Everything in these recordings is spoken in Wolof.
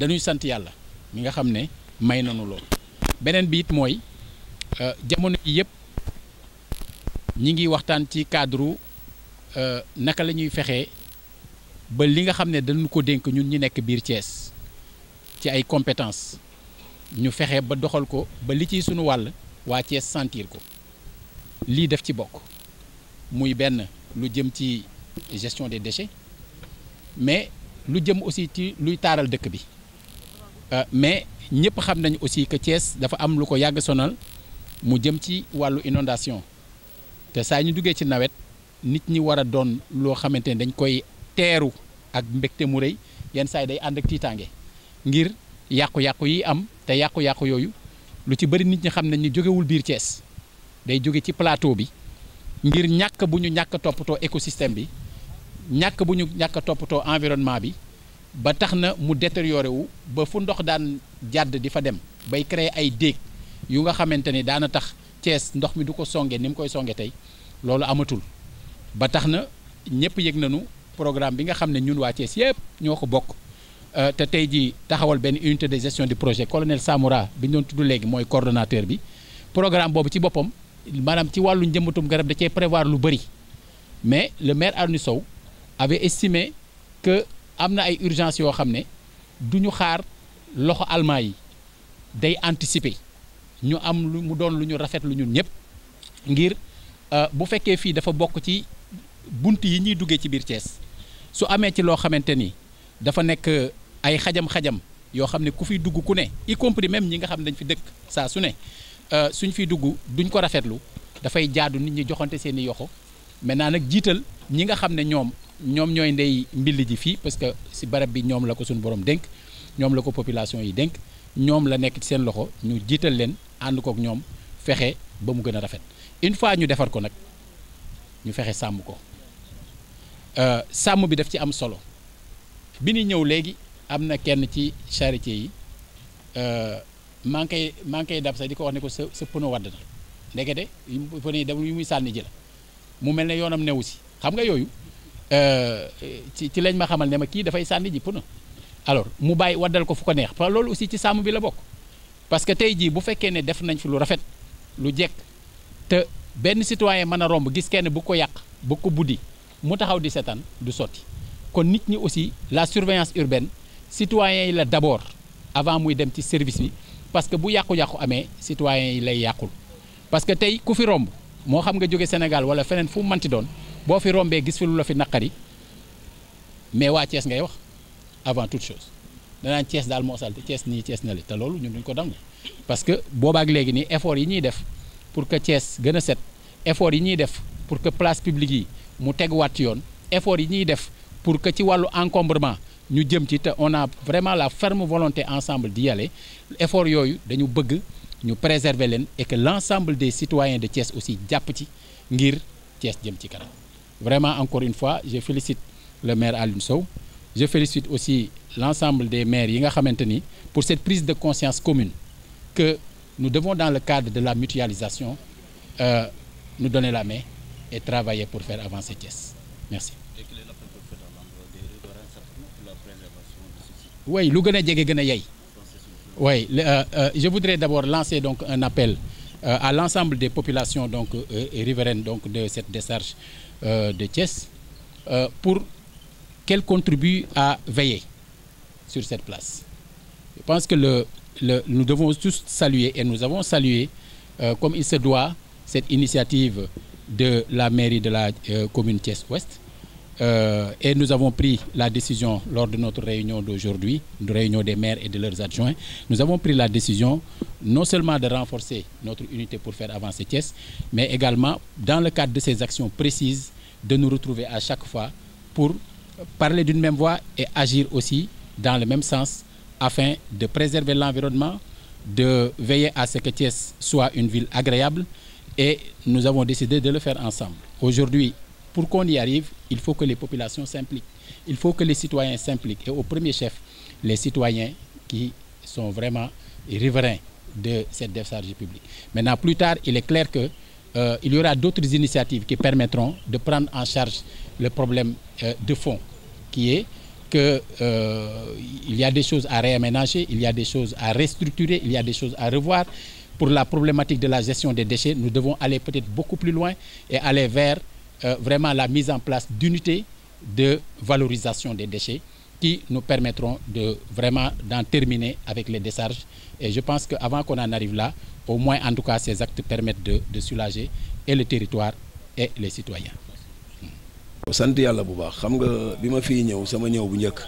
dañuy sant yàlla mi nga xam ne may nanu lool beneen bi it mooy euh, jamono yi yëpp ñi ngi waxtaan ci cadre euh, naka la ñuy fexee ba li nga xam ne dañu ko dénk ñun ñi nekk biir cees ci ay compétences ñu fexe ba doxal ko ba li ciy sunu wàll waa Thiès sentir ko lii def ci bokk muy benn lu jëm ci gestion de déchets mais lu jëm aussi ci luy taaral dëkk bi Euh, mais ñëpp xam nañu aussi que cees dafa am lu ko yàgg sonal mu jëm ci wàllu inondation te saa ñu duggee ci nawet nit ñi war a doon loo xamante ne dañ koy teeru ak mbégte mu rëy yenn saa yi day ànd ak tiitaange ngir yàqu-yàqu yi am te yàqu-yàqu yooyu lu ci bëri nit ñi xam nañ ni jógewul biir cees day jóge ci plateau bi ngir ñàkk bu ñu ñàkk toppatoo écosystème bi ñàkk bu ñu ñàkk toppatoo environnement bi ba tax na mu détérioré wu ba fu ndox daan jàdd di fa dem bay créer ay déeg yu nga xamante ni daana tax Thiès ndox mi du ko songe ni mu koy songe tey loolu amatul ba tax na ñëpp yëg nañu programme bi nga xam ne ñun waa Thiès yëpp ñoo ko bokk euh, te tey jii taxawal benn unité de gestion du projet colonel Samoura bi ñu doon tudd léegi mooy coordonnateur bi programme boobu ci boppam maanaam ci wàllu njëmbatum garab da cee prévoir lu bëri mais le maire Arni Sow am na ay urgence yoo xam ne du ñu xaar loxo allemand yi day anticiper ñu am lu mu doon lu ñu rafet lu ñun ñëpp ngir euh, bu fekkee fii dafa bokk ci bunt yi ñuy duggee ci biir Thiès su amee ci loo xamante ni dafa nekk euh, ay xajam-xajam yoo xam ne ku fiy dugg ku ne y compris ñi nga xam ne dañ fi dëkk saa su ne euh, suñ fiy dugg duñ ko rafetlu dafay jaadu nit ñi joxante seen i yoxo maintenant nag jiital ñi nga xam ne ñoom ñoom ñooy ndey mbill ji fii parce que si barab bi ñoom la ko suñu borom dénk ñoom la ko population yi dénk ñoom la nekk ci seen loxo ñu jiital leen ànd kook ñoom fexe ba mu gën a rafet une fois ñu defar ko nag ñu fexe sàmm ko euh, sàmm bi daf ci am solo bi ñuy ñëw léegi am na kenn ci charité yi euh, maa ngi koy maa dab sax di ko wax ne ko sa sa pneu wadd na ndekete pneu yi dem yu muy sànni ji la mu mel ne yoonam newu si xam nga yooyu Euh, ci ci lañ ma xamal ne ma kii dafay sànni ji na alors mu bàyyi waddal ko fu ko neex parce loolu aussi ci sàmm bi la bokk parce que tey jii bu fekkee ne def nañ fi lu rafet lu jekk te benn citoyen mën a romb gis kenn bu ko yàq bu ko buddi mu taxaw di seetaan du sotti kon nit ñi aussi la surveillance urbaine citoyens yi la d'abord avant muy dem ci service bi parce que bu yàqu-yàqu amee citoyens yi lay yàqul parce que tey ku fi romb moo xam nga jóge Sénégal wala feneen fu mu manti doon boo fi rombee gis fi la fi naqari mais waa Thiès ngay wax avant toute chose danaan Thiès daal moo salte Thiès nii cees na li te loolu ñun duñ ko nangu parce que boobaak léegi ni effort yi ñuy def pour que Thiès gën a set effort yi ñuy def pour que place publique yi mu teguwaat ci yoon effort yi ñuy def pour que ci wàllu encombrement ñu jëm ci te on a vraiment la ferme volonté ensemble di yale effort yooyu dañu bëgg ñu préserver leen et que l'ensemble des citoyens de Thiès aussi jàpp ci ngir Thiès jëm ci kanam vraiment encore une fois je félicite le maire Alioune Sow je félicite aussi l'ensemble des maires yi nga xamante ni pour cette prise de conscience commune que nous devons dans le cadre de la mutualisation euh, nous donner la main et travailler pour faire avancer Thiès merci. oui lu gën a jege gën a yey. oui euh, euh, je voudrais d'abord lancer donc un appel. Euh, à l'ensemble des populations donc euh, riveraines donc de cette décharge euh, de Thiès pour qu'elles contribuent à veiller sur cette place. Je pense que le, le nous devons tous saluer et nous avons salué comme il se doit cette initiative de la mairie de la commune Thiès-Ouest Euh, et nous avons pris la décision lors de notre réunion d'aujourd'hui, une réunion des maires et de leurs adjoints, nous avons pris la décision non seulement de renforcer notre unité pour faire avancer Thiès, mais également, dans le cadre de ces actions précises, de nous retrouver à chaque fois pour parler d'une même voix et agir aussi dans le même sens afin de préserver l'environnement, de veiller à ce que Thiès soit une ville agréable et nous avons décidé de le faire ensemble. Aujourd'hui, pour qu'on y arrive, il faut que les populations s'impliquent. Il faut que les citoyens s'impliquent. Et au premier chef, les citoyens qui sont vraiment riverains de cette décharge publique. Maintenant, plus tard, il est clair que euh, il y aura d'autres initiatives qui permettront de prendre en charge le problème euh, de fond, qui est euh, il y a des choses à réaménager, il y a des choses à restructurer, il y a des choses à revoir. Pour la problématique de la gestion des déchets, nous devons aller peut-être beaucoup euh, vraiment la mise en place d'unités de valorisation des déchets qui nu permettront de vraiment d'en terminer avec les décharges. Et je pense qu'avant qu'on en arrive là, au moins en tout cas ces actes permettent de, de soulager et le territoire et les citoyens. Hmm. sant yàlla bu baax xam nga bi ma fii ñëw sama ñëw bu njëkk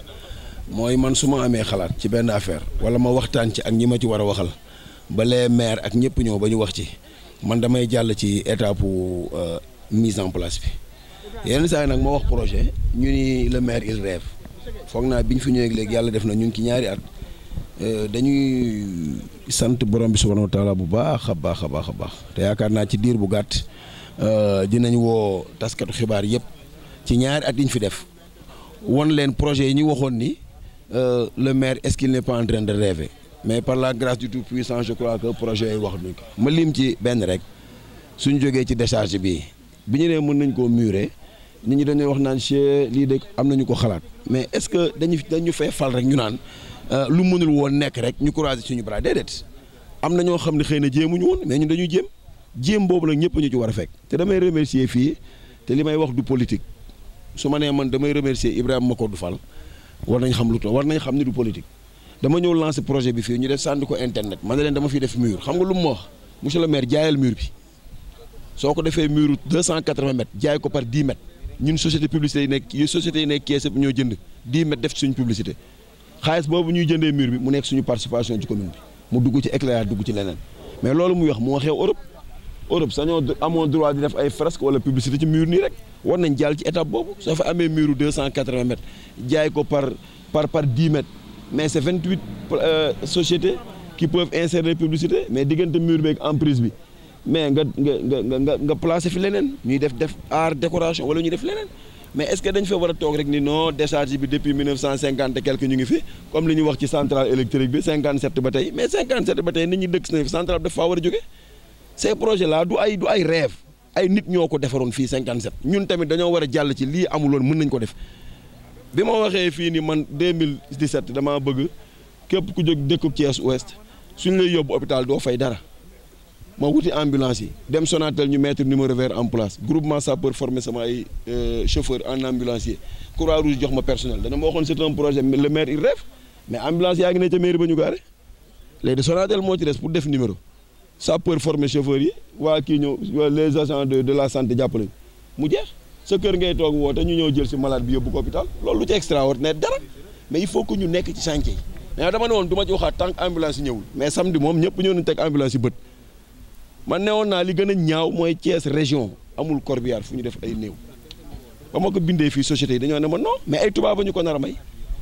mooy man su ma amee xalaat ci benn affaire wala ma waxtaan ci ak ñi ma ci war a waxal ba les ak ñëpp ñëw ba ñu wax ci man damay jàll ci étape euh, mise en place bi yenn saa yi nag ma wax projet ñu ni le maire il rêve foog naa bi ñu fi ñëwee léegi yàlla def na ñu ngi ci ñaari at euh, dañuy sant borom bi subhanahu wa taala bu baax a baax a baax a baax te yaakaar naa ci diir bu gàtt euh, dinañu woo taskatu xibaar yëpp ci ñaari at yi ñu fi def won leen projet yi ñuy waxoon ni euh, le maire est-ce qu'il n'est pas en train de mais par la grâce du tout puissant je crois que projet yi wax nañ ko ma lim ci benn rek suñ jógee ci décharge bi bi ñu nee mën nañ koo murer nit ñi dañuy wax naan che lii de am nañu ko xalaat mais est-ce que dañu dañu fay fal rek ñu naan euh, lu mënul woon nekk rek ñu croiser suñu bras déedéet am na ñoo xam ne xëy na jéem jéemuñu woon mais ñu dañuy jéem jéem boobu nag ñëpp ñu ci war a fekk te damay remercier fii te li may wax du politique su ma nee man damay remercier Ibrahima Macodou Fall war nañ xam lu tax war nañ xam ni du politique dama ñëw lancer projet bi fii ñu def sànni ko internet man ne leen dama fiy def mur xam nga lu mu wax monsieur le maire jaayal mur bi. soo ko defee muru deux cent quatre-vingts mètres jaay ko par dix mètres ñun société publicité yi nekk yi sociétés yi nekk kees ñoo jënd dix mètres def ci suñu publicité xaalis boobu ñuy jëndee mur bi mu nekk suñu participation ci commune bi mu dugg ci éclairage dugg ci leneen mais loolu mu wax moo xew Europe Europe sañoo amoon droit di def ay fresque wala publicité ci mur nii rek war nañ jaal ci étape boobu soo fa amee muru deux cent quatre-vingts jaay ko par par par dix mais c'est vingt-huit euh, sociétés qui peuvent insérer publicité mais diggante mur beeg emprise bi mais nga nga nga nga nga placé fi leneen ñuy def def art décoration wala ñuy def leneen mais est-ce que dañ fa war a toog rek ni non décharge bi depuis 1950 et quelque ñu ngi fi comme li ñu wax ci centrale électrique bi 57 ba tey mais 57 ba tey nit ñi dëkk si bi dafa war a jóge ces projet là du ay du ay rêve ay nit ñoo ko defaroon fii 57 ñun tamit dañoo war a jàll ci lii amuloon mën nañ ko def bi ma waxee fii ni man 2017 damaa bëgg képp ku jóg dëkku Thiès Ouest suñ lay yóbbu hôpital doo fay dara. ma wuti ambulance yi dem Sonatel ñu mettre numéro vert en place groupement sapeur formé sama ay euh, chauffeur en ambulancier croix rouge jox ma personnel dana ma waxoon c'est un projet le maire il rêve mais ambulance yaa ngi ne ca mairie ba ñu gaare léegi Sonatel moo ci des pour def numéro sapeur formé chauffeur yi waa ki ñëw les agents de de la santé jàppale mu jeex sa kër ngay toog woote ñu ñëw jël si malaat bi yóbbu ko hôpital loolu lu ci extraordinaire dara mais il faut que ci chantier yi mais dama ne woon du ma ci waxaat tant que ambulance ñëpp ñëw teg ambulance yi man ne woon naa li gën a ñaaw mooy Thiès région amul corbillard fu ñu def ay néew ba ma ko bindee fii société yi dañoo ne ma no mais ay tubaab ba ñu ko nara may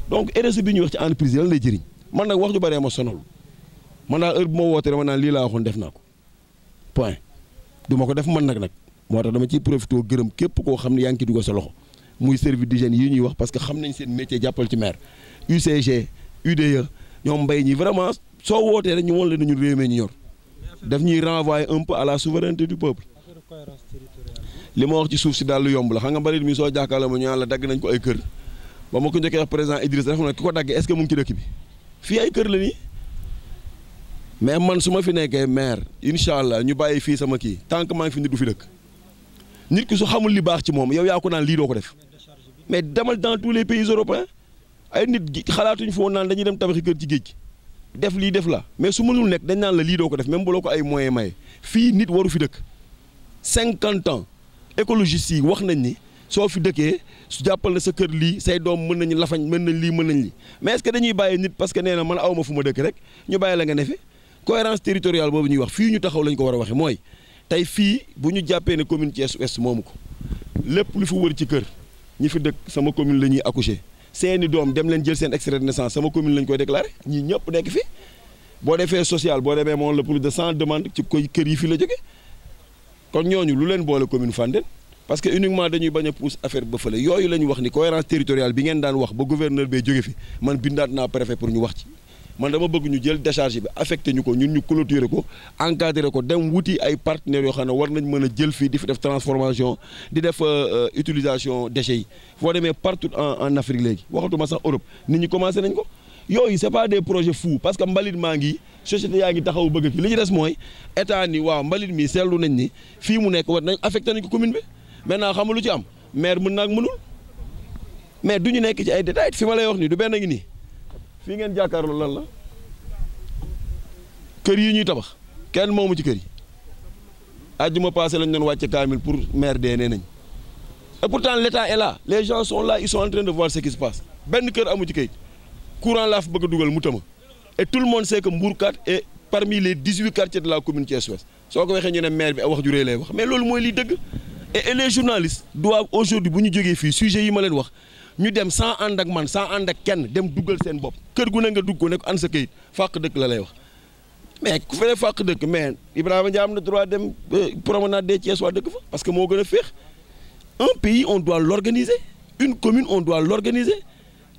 donc RSE bi ñuy wax ci entreprise lan lay jëriñ man nag wax ñu baree ma sonal man daal heure bu ma wootee dama naa lii laa waxoon def naa ko point du ma ko def man nag nag moo tax dama ciy profité gërëm képp koo xam ne yaa ngi ci dugal sa loxo muy service d'hygiène yi ñuy wax parce que xam nañ seen métier jàppal maire UCG UDE ñoom mbay ñi vraiment soo wootee rek ñu woon leen ñu réew ñu ñor. def ñuy renvoyer un peu la souveraineté du peuple li ma wax ci suuf si daal yomb la xam nga mbalit mi soo jàkkaarloo ma ñu naan dagg nañ ko ay kër ba ma ko njëkkee wax président Idrissa dafa ne ki ko daggee est-ce que mu dëkk bi fii ay kër la nii mais man su ma fi nekkee maire incha allah ñu bàyyi fii sama kii tant maa ngi fi nit du fi dëkk nit ki su xamul li baax ci moom yow yaa ko naan lii doo ko def mais demal dans tous les pays européens ay nit gi xalaatuñ foo naan dañuy dem tabaxi kër ci géej gi def lii def la mais su mënul nekk dañ naan la lii doo ko def même baloo ko ay moyens may fii nit waru fi dëkk cinquante ans écologistes yi wax nañ ni soo fi dëkkee su jàppal na sa kër lii say doom mën nañu lafañ mën nañ lii mën nañ lii mais est-ce que dañuy bàyyi nit parce que nee na man aw ma fu ma dëkk rek ñu bàyyi la nga ne fi cohérence boobu ñuy wax fii ñu taxaw lañ ko war a waxe mooy tey fii bu ñu jàppee ne commune Thiès Ouest moomu ko lépp lu fi wër ci kër ñi fi dëkk sama commune la ñuy accoucher seeni doom dem leen jël seen extrait de naissance sama commune lañ koy déclaré ñi ñëpp nekk fi boo defee social boo demee moom la plus de cent demande ci koy kër yi fi la jóge kon ñooñu lu leen boole commune Fandène parce que uniquement dañuy bañ a pousse ba fële yooyu la ñu wax ni cohérence territoriale bi ngeen daan wax ba gouverneur bee jóge fi man bindaat naa préfet pour ñu wax ci man dama bëgg ñu jël décharge bi affecté ñu ko ñu ñu clôturer ko encadrer ko dem wuti ay partenaires yoo xam ne war nañ mën a jël fii di fi def transformation di def euh, euh, utilisation déchets yi foo demee partout en Afrique léegi waxatuma sax Europe nit ñi commencé nañ ko yooyu c'est pas des projet fous parce que mbalit maa ngi société yaa ngi taxaw bëgg fi li ñu des mooy état ni waaw mbalit mi seetlu nañ ni fii mu nekk war nañ affecté nañ ko commune bi maintenant xam lu ci am maire mën naag mënul mais du ñu nekk ci ay détails fi ma lay wax ni du ngi nii fii ngeen jàkkaarloo lan la kër yi ñuy tabax kenn moomu ci kër yi àjjuma passé lañ doon wàcce kaamil pour maire dee nee nañ et pourtant l' état est là les gens sont là ils sont en train de benn kër amu ci kayit courant laa fa bëgg dugal mu tëma et tout le monde sait que Mbourkat est parmi les dix huit quartiers de la commune Thiès-Ouest soo ko waxee ñu maire bi wax ju lay wax mais loolu mooy liy dëgg et les journalistes doivent aujourd'hui bu ñu jógee fii sujet yi ma leen wax ñu dem cent ànd ak man sans ànd ak kenn dem duggal seen bopp kër gu ne nga dugg ko ne ko an sa këyit fàq dëkk la lay wax mais ku fee fàq dëkk mais Ibrahima Dia am na droit dem euh, promenade des Thiès waa dëkk fa parce que moo gën a feex un pays on doit l'organiser une commune on doit l'organiser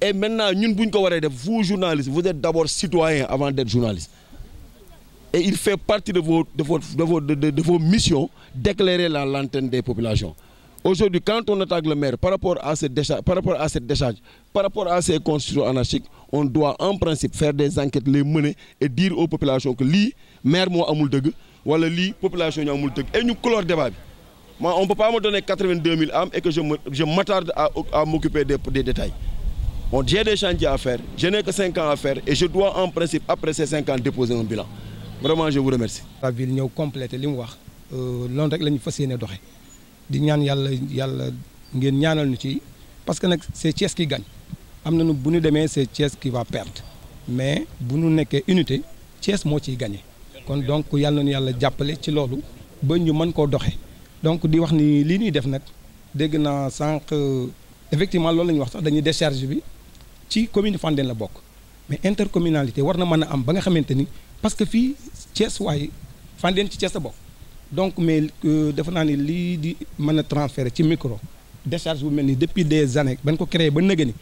et maintenant ñun bu ñu ko waree def vous journaliste vous êtes d'abord citoyen avant d'être journaliste et il fait partie de vos de vos de vos de, de, de vos missions d'éclairer la lanterne des populations Aujourd'hui, quand on attaque le maire par rapport à cette décharge, par rapport à cette décharge, par on doit en principe faire des enquêtes, les mener et dire aux populations que li maire moo amul dëgg wala li population ñu amul dëgg et ñu clore débat bi moi on peut pas me donner 82 000 âmes et que je me je m'attarde à à m'occuper des des détails. Bon, j'ai des chantiers à je n'ai cinq ans à et je dois en principe après ces cinq ans déposer un bilan. Vraiment, je vous remercie. Euh, fas yéene doxee. di ñaan yàlla yàlla ngeen ñaanal ñu ci parce que nag c'est Thiès qui gagne am na nu bu ñu demee c'est Thiès qui va perdre mais bu nu nekkee unité Thiès moo ciy gagné kon donc yàlla nañu yàlla jàppale ci loolu ba ñu mën koo doxee donc di wax ni lii ñuy def nag dégg naa sànq effectivement loolu la ñuy wax sax dañuy décharge bi ci commune Fandène la bokk mais intercommunalité war na mën a am ba nga xamante ni parce que fii Thiès waaye Fandène ci Thiès la bokk. donc mais euh, defe naa ni lii di mën a transférer ci micro décharge bu mel ni depuis des ba bañ ko créé ba nëgë ni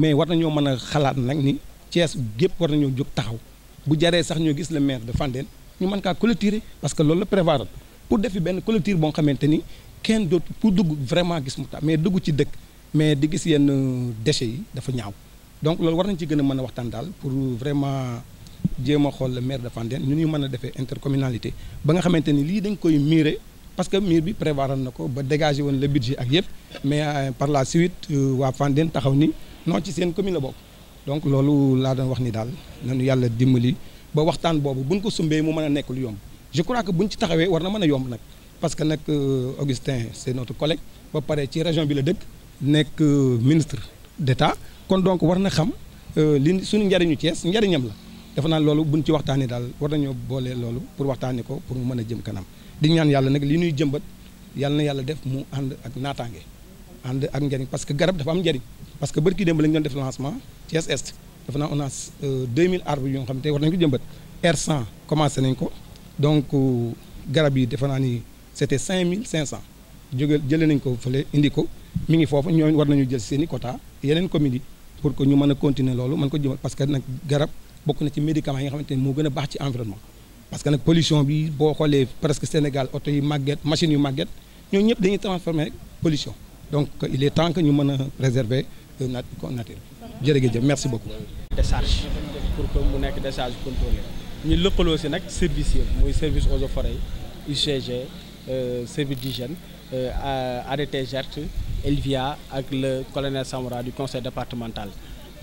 mais war nañoo mën a xalaat nag ni cees gépp war nañoo jóg taxaw bu jaree sax ñoo gis le maire de Fandène ñu mën kaa clôturer parce que loolu la prévoir pour defi benn clôture boo xamante ni kenn dootu pour dugg vraiment gis mu tax mais dugg ci dëkk mais di gis yenn euh, déchets yi dafa ñaaw donc loolu war nañ ci gën a mën a waxtaan daal pour vraiment jéem a xool maire de Fandène ñu nu mën a defee intercommunalité ba nga xamante ni lii dañ koy miire parce que miir bi prévoir na ko ba dégager woon le budget ak yëpp mais euh, par la suite euh, waa Fandène taxaw ni non ci seen commune la bokk donc loolu laa doon wax ni daal nañu yàlla dimbali ba waxtaan boobu buñ ko sumbee mu mën a nekkul lu yomb je crois que buñ ci taxawee war na mën a yomb nag parce que nag euh, Augustin c'est notre collègue ba pare ci région bi la dëkk nekk ministre d'État kon donc war na xam li suñu njariñu Thiès njariñam la dafa naan loolu buñ ci waxtaanee daal war nañoo boole loolu pour waxtaanee ko pour mu mën a jëm kanam di ñaan yàlla nag li ñuy jëmbat yàlla na yàlla def mu ànd ak naataange ànd ak njëriñ parce que garab dafa am njëriñ parce que bërki démb la ñu doon def lancement Thiès Est dafa naa on a 2000 euh, arbres yoo xam te war nañu ko jëmbat R100 commencé nañ ko donc euh, garab yi dafa naa ni cinq mille c'était 5500 jóge jële nañ ko fële indi ko mi ngi foofu ñoo war nañu jël seen i quota yeneen communes yi pour que ñu mën a continuer loolu mën ko jëmbat parce que nag garab. bokk na ci médicament yi nga xamante ne moo gën a baax ci environnement parce que nag pollution bi boo xoolee presque Sénégal oto yu màgget machine yu màgget ñoo ñëpp dañuy transformer polition donc il est temps que ñu mën a préserver nat nature bi jërëjëf merci beaucoup décharge pour que mu nekk décharge contrôlée ñu lëkkaloo si nag service yi muy service eaux et forêts UCG euh, service d'hygiène euh, ADT GERT Elvia ak le colonel Samora du conseil départemental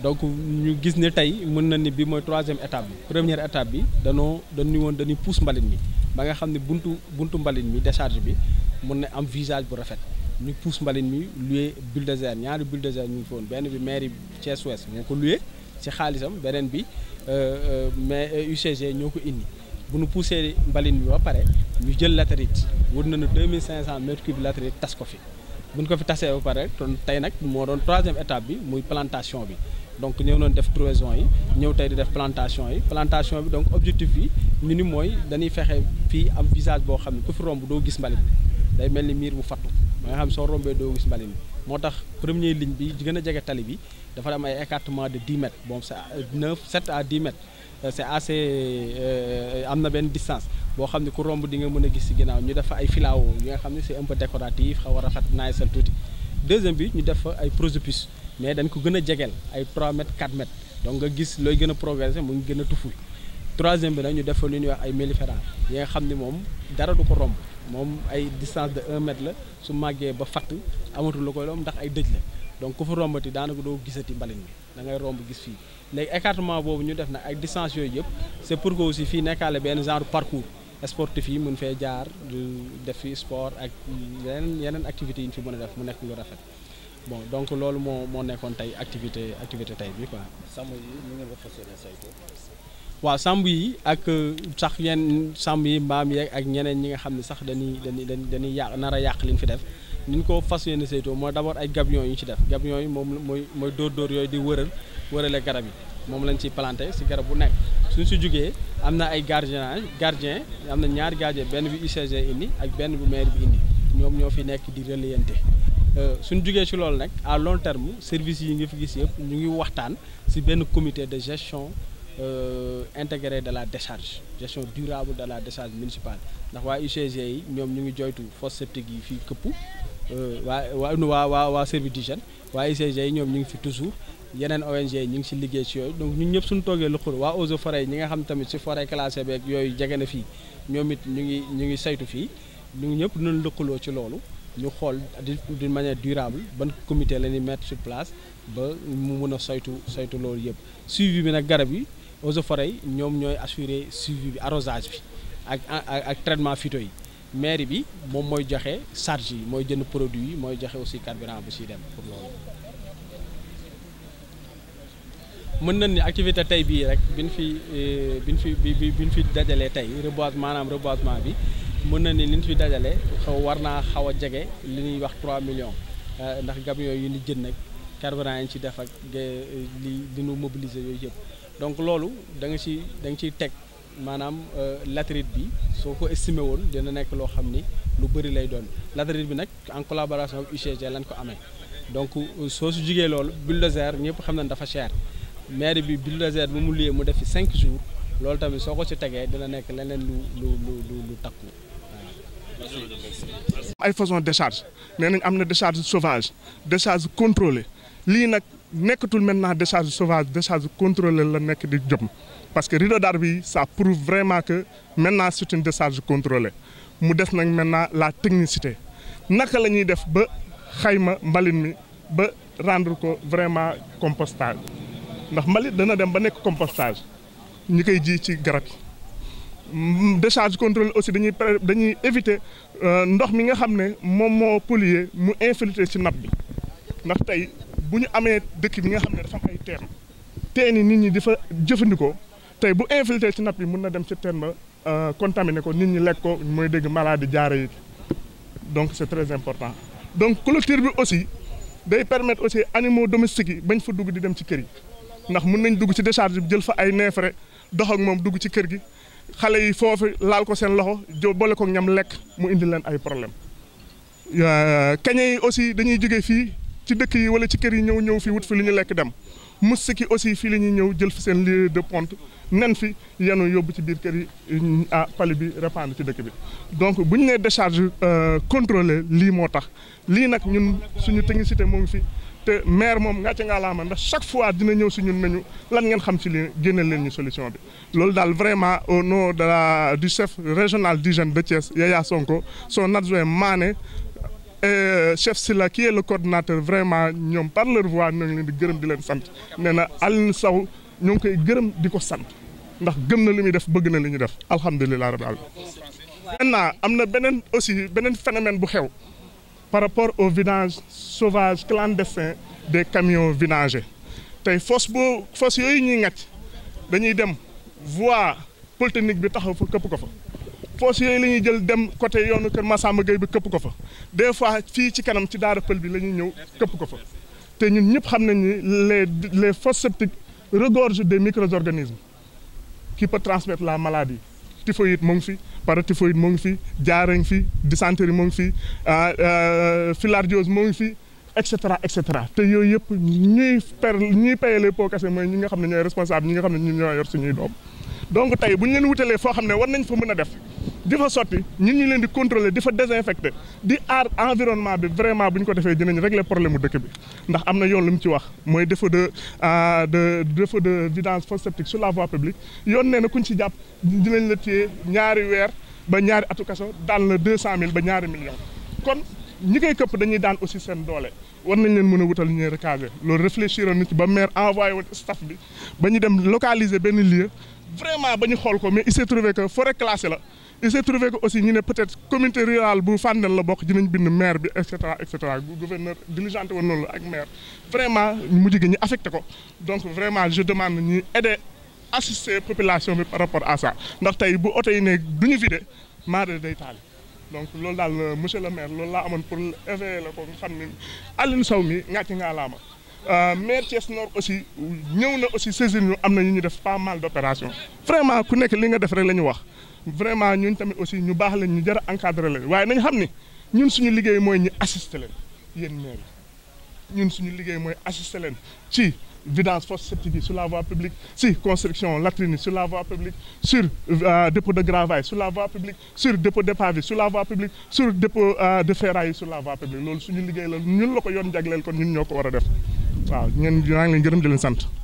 donc ñu gis ne tey mën na ni bi mooy troisième étape bi première étape bi danoo dañu woon dañuy pousse mbalit mi ba nga xam ne buntu buntu mbalit mi décharge bi mën na am visage bu rafet ñu pousse mbalit mi loué bulldozer ñaari bulldozer ñu ngi fi woon benn bi mairie Thiès Ouest moo ko loué ci xaalisam beneen bi euh, euh, mais UCG euh, ñoo ko indi bu nu poussé mbalin mi ba pare ñu jël na latérite wër nañu 2500 mètres cubes latérite tas ko fi bu ko fi tasee ba pare kon tey nag moo doon troisième bi muy plantation bi donc ñëw noonu def trouaison yi ñëw tey di def plantation yi plantation bi donc objectif bi ñu ni mooy dañuy fexe fii am visage boo xam ne ku romb doo gis mbalit day mel ni miir bu fattu ba nga xam soo rombee doo moo tax première ligne bi gën a jege tali bi dafa am ay de 10 mètres bon c'est 9 7 à 10 mètres euh, c'est assez euh, am na benn distance boo xam ne ku romb di nga mën a gis ci ginnaaw ñu def fa ay filao nga xam ne c'est un peu décoratif xaw a rafet naay tuuti deuxième bi ñu def fa ay prosopis mais dañ ko gën a jegel ay 3 mètres 4 mètres donc nga gis looy gën a progresser mu ngi gën a tuful troisième bi nag ñu defal lu ñuy wax ay mellifera yi nga xam ne moom dara du ko romb moom ay distance de la su màggee ba fatt amatul la koy romb ay dëj la donc ku fa rombati daanaka doo gisati mbalin bi da ngay romb gis fii léegi écartement boobu ñu def nag ay distance yooyu yëpp c'est pour que aussi fii nekkaale benn genre parcours sportif yi mun fee jaar def fi sport ak yeneen yeneen activités yi ñu fi mën a def mu nekk lu rafet bon donc loolu moo moo nekkoon tey activité activité tey bi quoi. sàmm ñu ngeen ko fas waaw sàmm yi ak euh, sax yenn sàmm yi mbaam yeeg ak ñeneen ñi nga xam ne sax dañuy dañuy dañuy yàq nara yàq li ñu fi def ni ñu ko fas yéene saytoo mooy d'abord ay gabions yu ci def gabions yi moom mooy mooy dóor-dóor yooyu di wëral wërale garab yi moom lañ ciy planté si garab bu nekk suñ si jugee am na ay gardiennage gardien am na ñaari gardien benn bi UCG indi ak benn bu maire bi indi ñoom ñoo fi nekk di relayante. Euh, suñu jugee ci loolu nag à long terme service yi nga fi gis yëpp ñu ngi waxtaan ci benn comité de gestion euh, intégré de la décharge gestion durable de la décharge municipale ndax waa UCG yi ñoom ñu ngi joytu fosse septique yi fii këpp euh, waa waa waa waa waa service d'hygiène waa UCG yi ñoom ñu ngi fi toujours yeneen ONG ñu ngi si liggéey si yooyu donc ñun ñëpp suñu toogee lu xur waa eaux et forêt nga xam tamit si forêt classée beeg yooyu jege na fii ñoom it ñu ngi ñu ngi saytu fii ñu ñëpp dinañ lëkkaloo ci loolu ñu xool d'une manière durable ban comité la ñuy mettre sur place ba mu mun a saytu saytu loolu yëpp suivi bi nag garab yi eaux et forêts ñoom ñooy assurer suivi bi arrosage bi ak ak traitement phyto yi mairie bi moom mooy joxe charge yi mooy jënd produit yi mooy joxe aussi carburant bu siy dem pour loolu. mën nañ ni activité tey bii rek bi ñu fi eh, bi ñu fi bi bi ñu fi dajalee tey reboisement maanaam reboisement bi. mën na ni li ñu fi dajale xaw war naa xaw a jege li ñuy wax 3 millions euh, ndax camions yi ni jën nag carburant yi ñu ci def ak li li ñu mobiliser yooyu yëpp donc loolu da nga ci danga nga ciy teg maanaam euh, latérite bi soo ko estimé woon dina nekk loo xam ni lu bëri lay doon latérite bi nag en collaboration ak UCG lañ ko amee donc euh, soo su jugee loolu bulldozer ñëpp xam na nañ dafa cher maire bi bulldozer bu mu liyee mu def fi 5 jours loolu tamit soo ko ci tegee dina nekk leneen lu lu lu lu takku. ay façon décharge nee nañ am na décharge sauvage décharge contrôlée lii nag nekkatul maintenant décharge sauvage décharge contrôlée la nekk di jëm parce que rideau d'Ar bi sa pour vraiment que maintenant c'est une décharge contrôlée mu def nag maintenant la technicité naka lañuy def ba xayma mbalit mi ba rendre ko vraiment compostage ndax mbalit dana dem ba nekk compostage ñi koy ji ci garab décharge contrôle aussi dañuy per dañuy éviter euh, ndox mi nga xam ne moom moo polluer mu infiltrer ci nappe bi ndax tey bu ñu amee dëkk bi nga xam ne dafa am ay teen teen yi nit ñi di fa jëfandikoo tey bu infiltrer ci nappe bi mun na dem ci teen ba euh, contaminer ko nit ñi lekk ko mooy dégg malaadi jaare yi donc c'est très important donc clôture bi aussi day permettre aussi animaux domestiques yi bañ fa dugg di dem ci kër yi ndax mun nañ dugg ci décharge bi jël fa ay neefere dox ak moom dugg ci kër gi xale yi foofu laal ko seen loxo jo boole ko ñam lekk mu indi leen ay problème keñe yi aussi dañuy jóge fii ci dëkk yi wala ci kër yi ñëw ñëw fii wut fi li ñu lekk dem moustiques yi aussi fii la ñuy ñëw jël fi seen lieu de pont nen fi yenu yóbbu ci biir kër yi ah pali bi répandre ci dëkk bi donc bu ñu nee décharge euh, contrôlée lii moo tax lii nag ñun suñu technicité moo ngi fi te maire moom nga ca ngaa laama ndax chaque fois dina ñëw si ñun nañu lan ngeen xam si li génneel leen ñu solution bi loolu daal vraiment au nom de la du chef régional d'hygiène de Thiès Yaya Sonko son adjoint Mané et euh, chef Silla qui est le coordonnateur vraiment ñoom par leur voix ñoo ngi leen di gërëm di leen sant nee na Alioune Sow ñoo ngi koy gërëm di ko sant ndax gëm na li muy def bëgg na li ñuy def alhamdulilah rabbil am na beneen aussi beneen phénomène bu xew par rapport au vidange sauvage clandestin des camions vinager tey fosse boo fosse yooyu ñuy ngacc dañuy dem voie polytechnique bi taxaw fa këpp ko fa fosse yooyu la ñuy jël dem côté yoonu kër Massamba Gueye bi këpp ko fa des fois fii ci kanam ci daara pël bi la ñuy ñëw këpp ko fa te ñun ñëpp xam nañ ni les les fosses septiques regorgent des micro-organismes qui peut transmettre la maladie typhoïde mu ngi fi paratyphoïde mu ngi fi diarrhée ngi fi dysenterie mu ngi fi ah, ah, filariose mu ngi fi et cetera et cetera te yooyu yëpp ñuy per ñuy payer les pots cassés mooy ñi nga xam ne ñooy responsable ñi nga xam ne ñun ñoo yor suñuy doom donc tey bu ñu leen wuteelee foo xam ne war nañ fa mën a def di fa sotti ñun ñu leen di contrôler di fa désinfecté di aar environnement bi vraiment bu ñu ko defee dinañ régler problème mu dëkk bi ndax am na yoon lu mu ci wax mooy défaut de euh, de défaut de vidange fosse septique sur la voie publique yoon nee na ku ñu ci jàpp dinañ la téye ñaari weer ba ñaari atu kaso daan la deux cent mille ba ñaari million kon ñi koy këpp dañuy daan aussi seen doole war nañ leen mën a wutal ñuy recaser loolu réfléchir oon na ci ba maire envoyé woon staff bi ba ñu vraiment ba ñu xool ko mais il s'est trouvé que la il s'est trouvé que aussi ñu ne peut-être communauté rurale bu Fandène la bokk dinañ bind maire bi et cetera et cetera gouverneur diligenté woon noonu la ak maire vraiment mujj gi ñu affecté ko donc vraiment je demande ñuy aider assister population bi par rapport à ça ndax tey bu oto yi ne du ñu vidé maare day taal donc loolu daal euh, monsieur le maire loolu laa amoon pour éveiller la ko nga xam ne Alioune Sow mi ngàcc ngaa laama euh, maire Thiès Nord aussi ñëw na aussi saisir am na ñu ñu def pas mal vraiment ku nekk li nga def rek la ñu wax vraiment ñun tamit aussi ñu baax lañ ñu jar a encadré lañ waaye nañ xam ni ñun suñu liggéey mooy ñu assister leen yéen maire ñun suñu liggéey mooy assister leen ci vidange fosse septique sur la voie publique si construction latrines sur la voie publique sur euh, dépôt de gravaille sur la voie publique sur dépôt d'épave sur la voie publique sur dépôt euh, de ferraille la voie publique loolu suñu liggéey la ñun la ko yoon jagleel kon ñun ñoo ko war a def waaw ñeen ñaa ngi leen gërëm di leen sant